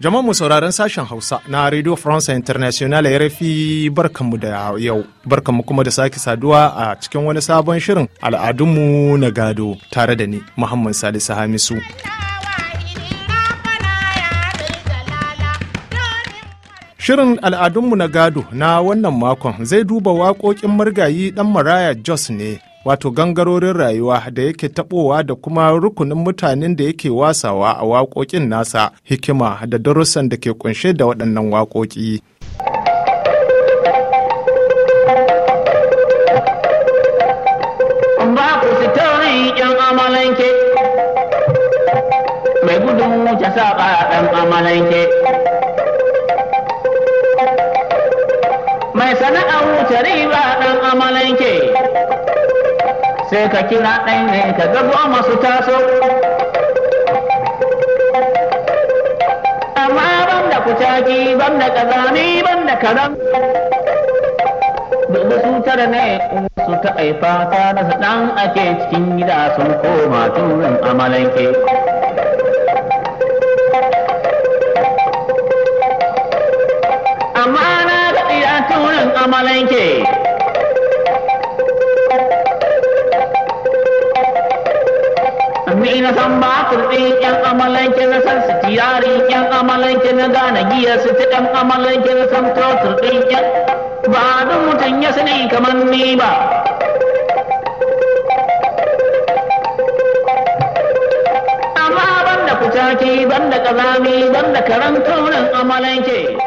Jama'a mu sauraron sashen Hausa na Radio France International ya rafi barkanmu da yau. Barkanmu kuma da sake saduwa a cikin wani sabon shirin al'adunmu na gado tare da ni Muhammad Salisu Hamisu. Shirin al'adunmu na gado na wannan makon zai duba waƙoƙin murgayi ɗan Maraya Jos ne wato gangarorin rayuwa da yake taɓowa da kuma rukunin mutanen da yake wasawa a waƙoƙin nasa hikima da darussan da ke kunshe da waɗannan waƙoƙi. Ba ku mai gudun wuce saƙa ɗan amalanke. Mai sana'a wuce riba ɗan amalanke. sai ka kira ɗan ka ga goma su taso amma ban da kutaki ban da ƙazami ban da karam da su tara ne su ta haifa ta rasa ɗan ake cikin gida sun koma turin amalanke amma na ga turin amalanke na san batur ɗin yan amalanke na san sitiyari yan amalanke na gane giya su ta yan amalanke na san totur ɗin yan ba don mutum ya sani kamar ni ba amma ban da fitaki ban da ƙazami ban da karan amalanke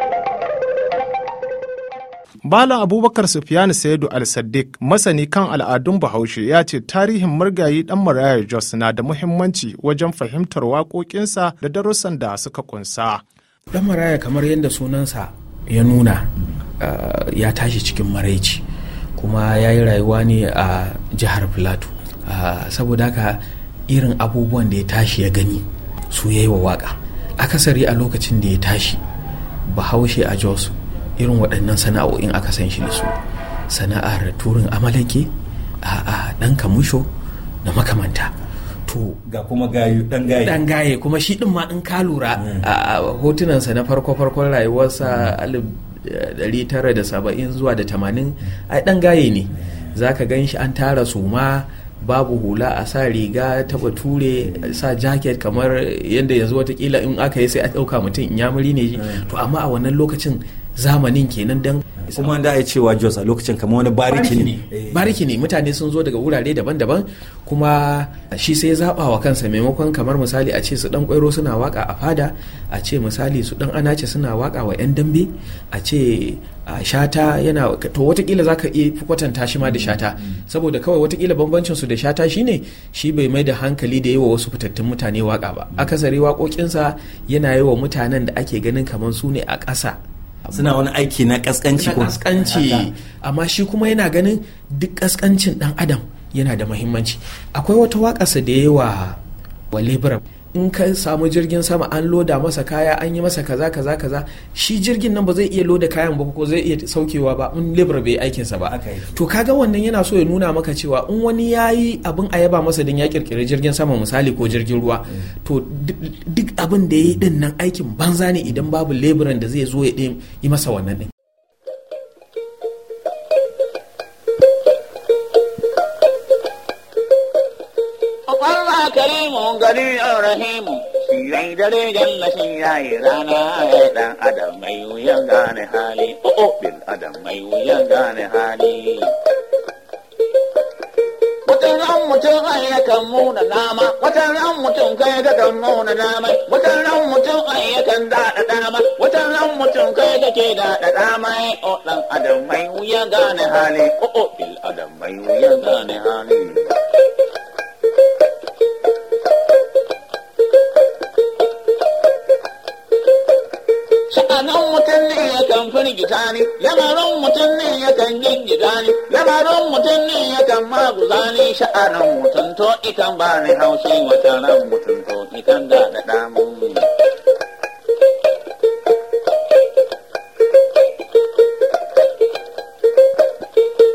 Bala Abubakar sufiyani Saidu Al-Saddiq masani kan al'adun Bahaushe ya ce tarihin murgayi ɗan Maraya Jos na da muhimmanci wajen fahimtar waƙoƙinsa da darussan da suka kunsa. Ɗan Maraya kamar yadda sunansa ya nuna ya tashi cikin maraici kuma ya yi rayuwa ne a jihar Filato. Saboda haka irin abubuwan da ya tashi ya gani su ya yi wa waƙa. Akasari a lokacin da ya tashi Bahaushe a Jos irin waɗannan sana'o'in aka san shi da su sana'ar turin amalanke a ɗan kamusho da makamanta to ga kuma gayu ɗan gaye ɗan gaye kuma shi ɗin ma in ka lura mm. a hotunansa na farko farkon rayuwarsa mm. alif eh, tara da saba'in zuwa da tamanin ai ɗan gaye ne mm. zaka gan shi an tara suma babu hula a sa riga ta bature sa jacket kamar yadda yanzu watakila in aka yi sai a ɗauka mutum in yamuri ne to amma a wannan lokacin zamanin kenan dan kuma da ai cewa Jos a lokacin kamar wani bariki ne bariki ne mutane sun zo daga wurare daban-daban kuma shi sai zaba wa kansa maimakon kamar misali a ce su dan kwairo suna waka a fada a ce misali su dan anace suna waka wa yan dambe a ce a shata yana to watakila zaka iya fi kwatanta shi ma da shata saboda kawai watakila bambancin su da shata shine shi bai mai da hankali da yawa wasu fitattun mutane waka ba akasari waƙoƙinsa yana yi wa mutanen da ake ganin kamar su ne a ƙasa suna wani aiki na kaskanci ko kaskanci amma shi kuma yana ganin duk kaskancin dan adam yana da muhimmanci akwai wata waƙarsa da yawa wa libra in ka samu jirgin sama an loda masa kaya an yi masa kaza kaza kaza shi jirgin nan ba zai iya loda kayan ba ko zai iya saukewa ba in lebur bai aikinsa ba to kaga wannan yana so ya nuna maka cewa in wani ya yi abin a yaba masa din ya kirkiri jirgin sama misali ko jirgin ruwa to duk abin da ya yi din nan aikin banza ne idan babu leburan da zai zo ya yi masa wannan din karimu gari rahimu Shirai, rai dare janna shi yayi rana dan adam mai wuyan gane hali o oh, oh, bil adam mai wuyan gane hali watan ran mutum ai yakan muna nama watan ran mutum kai ga kan muna nama watan ran mutum ai yakan dada dama watan ran mutum kai ga ke dada dama o oh, dan adam mai wuyan gane hali o bil adam mai wuyan gane hali sa'anan mutum ne yakan firgita ne lamarin mutum ne yakan gingida ne lamarin mutum ne yakan maguza ne sha'anan mutum to ikan ba ni haushi wata ran mutum to ikan da da damun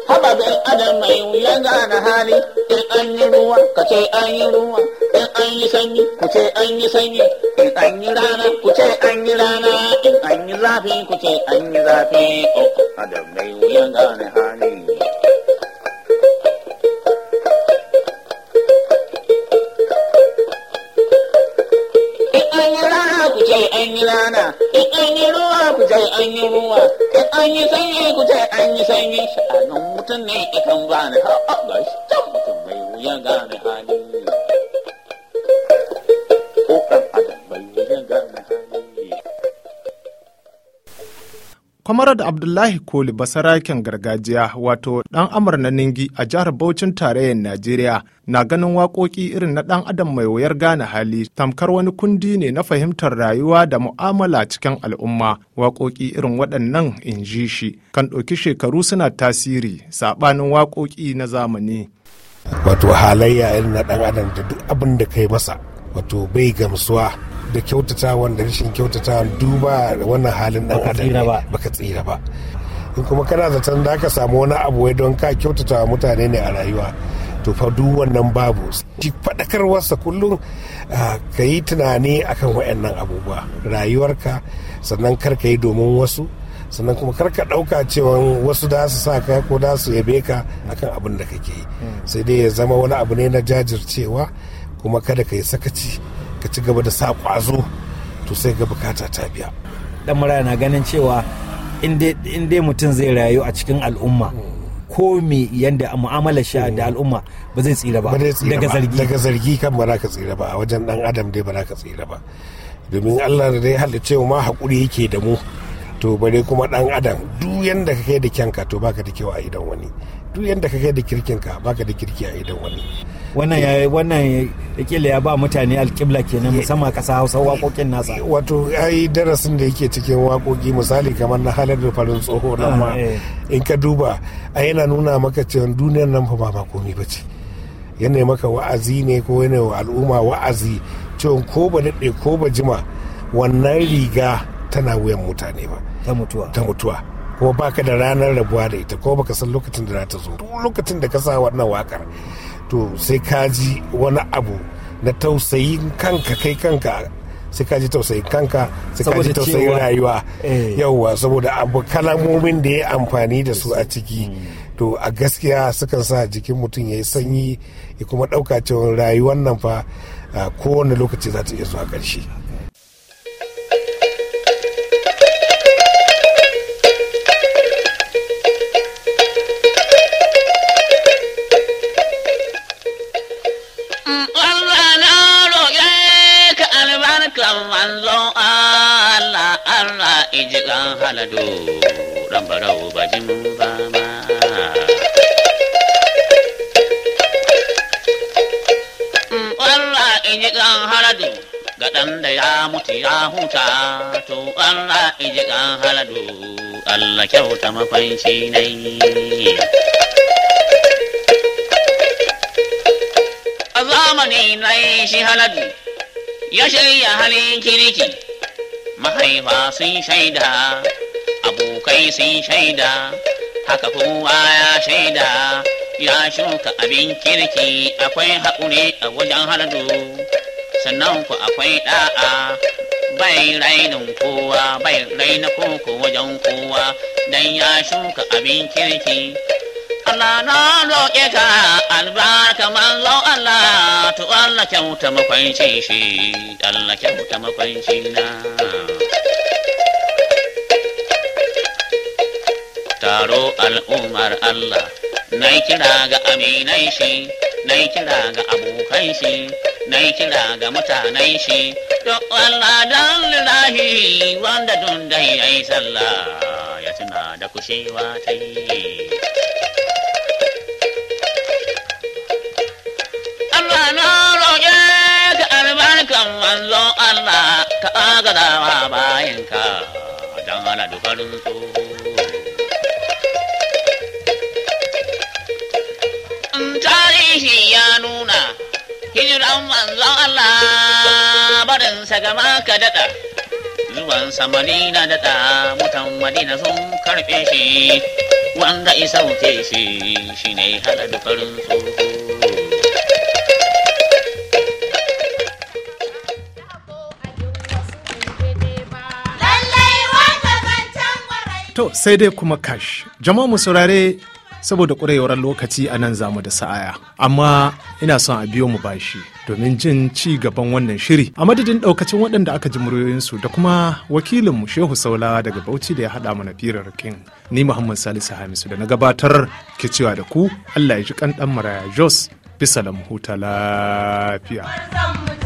haba bin adam mai wuya gane hali in an yi ruwa ka ce an yi ruwa an yi sanyi ku ce an yi sanyi in an yi rana ku ce an yi rana in an yi zafi ku ce an yi zafi oh, oh adam mai wuyan gane hali in an yi rana ku ce an yi rana an yi ruwa ku ce an yi ruwa in an yi sanyi ku ce an yi sanyi sha'anin mutum ne ikan gane ha'a ga shi can mutum mai wuyan gane hali da Abdullahi Koli basaraken gargajiya wato ɗan Amur na Ningi a jihar Bauchin tarayyar Najeriya na ganin waƙoƙi irin na ɗan adam mai wayar gane hali tamkar wani kundi ne na fahimtar rayuwa da mu'amala cikin al'umma waƙoƙi irin waɗannan in ji shi kan ɗauki shekaru suna tasiri saɓanin waƙoƙi na zamani. Wato halayya irin na ɗan adam da duk abin da kai masa wato bai gamsuwa da kyautatawan da rashin kyautatawan duba wannan halin dan adam baka tsira ba in kuma kana zaton da ka samu wani abu wai don ka kyautatawa mutane ne a rayuwa to fa duk wannan babu shi wasa kullum ka yi tunani akan waɗannan abubuwa rayuwarka sannan kar ka yi domin wasu sannan kuma kar ka ɗauka cewa wasu da su sa ka ko da su yabe ka akan abin da kake yi hmm. sai dai ya zama wani abu ne na jajircewa kuma kada ka yi sakaci ka ci gaba da sa kwazo to sai ga bukata ta biya dan mara na ganin cewa in dai mutum zai rayu a cikin al'umma ko me yanda mu'amala shi da mm. al'umma ba zai tsira ba daga zargi daga zargi kan ba za ka tsira ba a wajen dan adam dai ba za ka tsira ba domin Allah da dai halitta ma hakuri yake da mu to bare kuma dan adam duk yanda ka kai da kyanka to baka da kyau a idan wani duk yanda ka kai da kirkinka baka da kirki a idan wani wannan ya wannan kila ya ba mutane alkibla kenan musamman kasa hausa waƙoƙin nasa wato ya yi darasin da yake cikin waƙoƙi misali kamar na halar da farin tsoho nan ma eh. in ka duba a yana nuna maka cewa duniyar nan fa ba ba ba ce yana maka wa'azi ne ko yana wa al'umma wa'azi cewa ko ba daɗe ko ba jima wannan riga tana wuyan mutane ba ta mutuwa ta mutuwa kuma baka da ranar rabuwa da ita ko baka san lokacin da za ta zo duk lokacin da ka sa wannan wakar to sai ka ji wani abu na tausayin kanka kai kanka sai ka ji tausayin kanka sai ka ji tausayin rayuwa eh. yauwa saboda abu kalamomin da ya amfani da su a ciki mm. to a gaskiya sukan sa jikin mutum ya yi sanyi ya kuma ɗauka cewa rayuwar nan fa kowane lokaci za ta iya zuwa ƙarshe. alado ɗan barau bajin ba ma mm, Allah in ji halado ga ɗan da ya mutu ya huta to Allah in ji ɗan halado Allah kyauta mafanci nai. A zamanin na shi haladu ya shirya halin kirki. mahaifa sun shaida abokai sun shaida haka kowa ya shaida ya shuka abin kirki akwai haƙuri a wajen hardu sannan ku akwai ɗa'a bai rainin kowa bai raina koko wajen kowa dan ya shuka abin kirki Allah na roƙe ka albarka manzo kyauta makwancin shi Allah kyauta makwancin na taro al'ummar Allah na kira ga aminai shi na kira ga abokan shi na kira ga mutanen shi duk Allah dan lillahi wanda don dai ai sallah ya tuna da kushewa ta yi darajan manzo Allah ka agaza ma bayanka don hana dukarin tsoho. Tarihi ya nuna hijiran manzon Allah barin sagama ka daɗa. Zuwan samani na daɗa mutan madina sun karfe shi wanda isa wuce shi shi ne hada dukarin tsoho. To sai dai kuma kash. Jama'a mu saurare saboda ƙurewar lokaci a nan zamu da sa'aya. Amma ina son a biyo mu bashi domin jin ci gaban wannan shiri. A madadin ɗaukacin waɗanda aka ji muryoyinsu da kuma wakilinmu Shehu Saula daga Bauchi da ya haɗa mana firar Ni Muhammad Salisu Hamisu da na gabatar ke cewa da ku Allah ya ji kan ɗan maraya Jos bisa la huta lafiya.